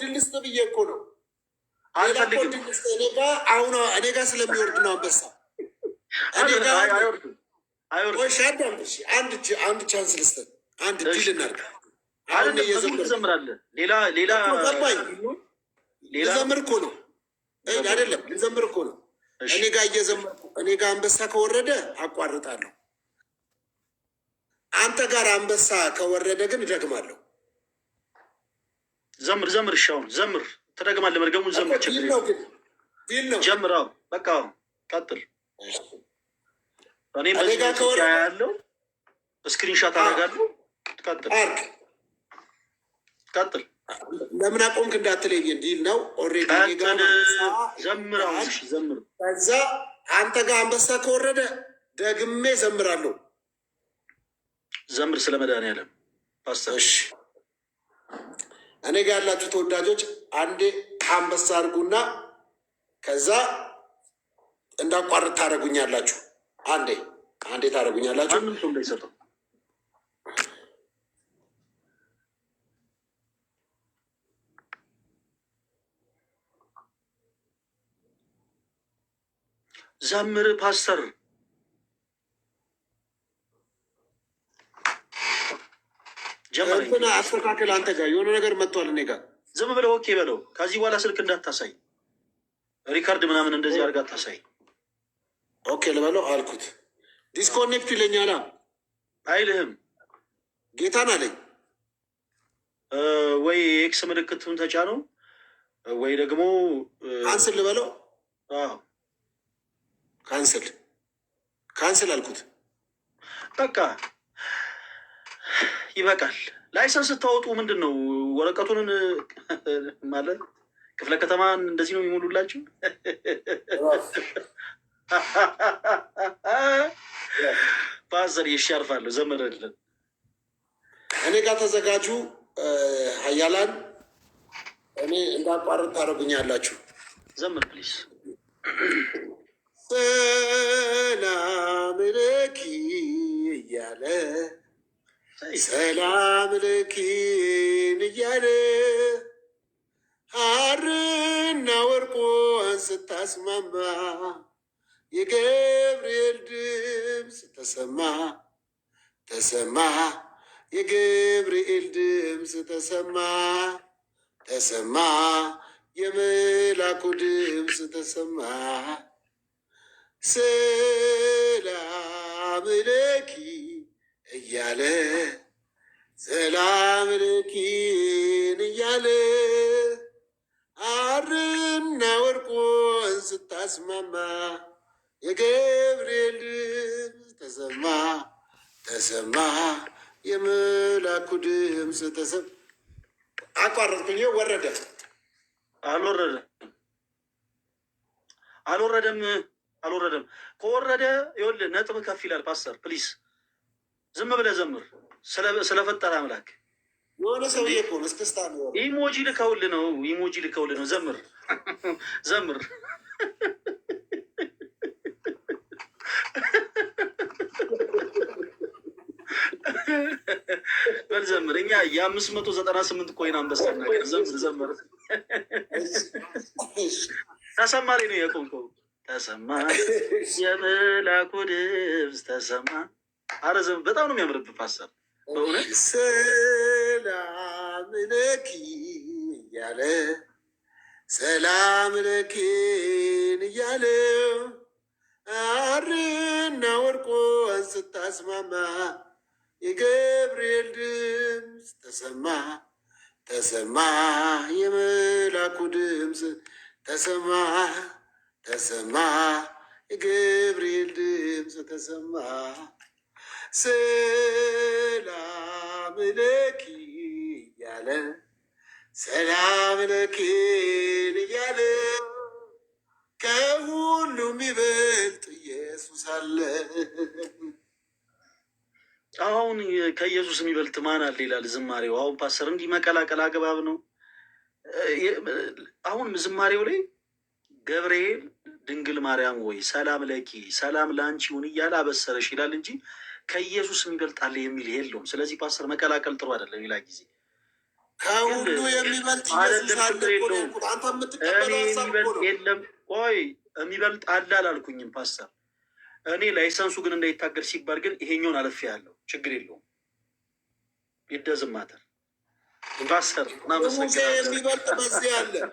ድል ስጥ ብዬ እኮ ነው። አሁን እኔ ጋር ስለሚወርድ ነው አንበሳ። አንድ ቻንስ ልስጥህ፣ አንድ ድል እናድርግ። ልዘምር እኮ ነው አይደለም? ልዘምር እኮ ነው። እኔ ጋር እየዘመርኩ እኔ ጋር አንበሳ ከወረደ አቋርጣለሁ። አንተ ጋር አንበሳ ከወረደ ግን እደግማለሁ። ዘምር ዘምር፣ እሻውን ዘምር፣ ትደግማለህ መድገሙን ዘምር። ችግር በቃ ቀጥል። እኔ በዚህ ያለው ስክሪንሻት አደርጋለሁ። ቀጥል ቀጥል። ለምን አቆምክ እንዳትለኝ፣ ዲል ነው ኦልሬዲ ዘምረው ዘምር። ከዛ አንተ ጋር አንበሳ ከወረደ ደግሜ ዘምራለሁ። ዘምር ስለ መድኃኒዓለም ፓስተር እኔ ጋር ያላችሁ ተወዳጆች አንዴ ከአንበሳ አድርጉና ከዛ እንዳቋርጥ ታደርጉኛላችሁ። አንዴ አንዴ ታደረጉኛላችሁ። ዘምር ፓስተር ጀመረ አስተካከል። አንተ ጋር የሆነ ነገር መጥቷል እኔ ጋር ዝም ብለው ኦኬ በለው። ከዚህ በኋላ ስልክ እንዳታሳይ ሪካርድ ምናምን እንደዚህ አድርጋ አታሳይ። ኦኬ ልበለው አልኩት። ዲስኮኔክት ይለኛላ አይልህም። ጌታን አለኝ ወይ ኤክስ ምልክቱን ተጫነው ወይ ደግሞ ካንስል ልበለው። ካንስል ካንስል አልኩት በቃ ይበቃል። ላይሰንስ ስታወጡ ምንድን ነው ወረቀቱንን ማለት ክፍለ ከተማን እንደዚህ ነው የሚሞሉላችሁ። ፓስተር ይሽ ያርፋለሁ ዘመረልን እኔ ጋር ተዘጋጁ ሀያላን እኔ እንዳቋርጥ ታደርጉኛላችሁ። ዘምር ፕሊስ። ሰላም ለኪ እያለ ሰላም ልኪን እያለ ሐርና ወርቆን ስታስማማ የገብርኤል ድምፅ ተሰማ ተሰማ የገብርኤል ድምፅ ተሰማ ተሰማ የመላኩ ድምፅ ተሰማ ሰላም እያለ ሰላም ልኪን እያለ አርና ወርቁን ስታስማማ የገብርኤል ድምፅ ተሰማ ተሰማ የመላኩ ድምፅ ተሰማ። አቋረጥኩኝ። ወረደ አልወረደ አልወረደም አልወረደም። ከወረደ ይኸውልህ ነጥብ ከፍ ይላል። ፓስተር ፕሊስ ዝም ብለህ ዘምር ስለፈጠረ አምላክ። የሆነ ሰውዬ እኮ ነው ኢሞጂ ልከውል ነው፣ ኢሞጂ ልከውል ነው። ዘምር ዘምር። በል ዘምር። እኛ የአምስት መቶ ዘጠና ስምንት ኮይን አንበሳ ነገር ዘምር ዘምር። ተሰማ ነው የቆምከው። ተሰማ የመላኩ ድምፅ ተሰማ አረዘም በጣም ነው የሚያምርብህ ፓስተር በእውነት ሰላም ለኪ እያለ ሰላም ለኪን እያለ አርና ወርቆን ስታስማማ የገብርኤል ድምፅ ተሰማ ተሰማ የመላኩ ድምፅ ተሰማ ተሰማ የገብርኤል ድምፅ ተሰማ ሰላም ለኪ እያለ ሰላም ለኪን እያለ ከሁሉም ይበልጥ ኢየሱስ አለ። አሁን ከኢየሱስ የሚበልጥ ማን አለ ይላል ዝማሬው። አሁን ፓስተር እንዲህ መቀላቀል አግባብ ነው? አሁን ዝማሬው ላይ ገብርኤል ድንግል ማርያም ወይ ሰላም ለኪ ሰላም ለአንቺ ይሁን እያለ አበሰረሽ ይላል እንጂ ከኢየሱስ የሚበልጣል የሚል የለውም። ስለዚህ ፓስተር መቀላቀል ጥሩ አይደለም። ሌላ ጊዜ ከሁሉ የሚበልጥ የለም። ቆይ የሚበልጥ አለ አላልኩኝም ፓስተር። እኔ ላይሰንሱ ግን እንዳይታገድ ሲባል ግን ይሄኛውን አለፍ ያለው ችግር የለውም። ይደዝማተር ፓስተር የሚበልጥ በዚህ አለ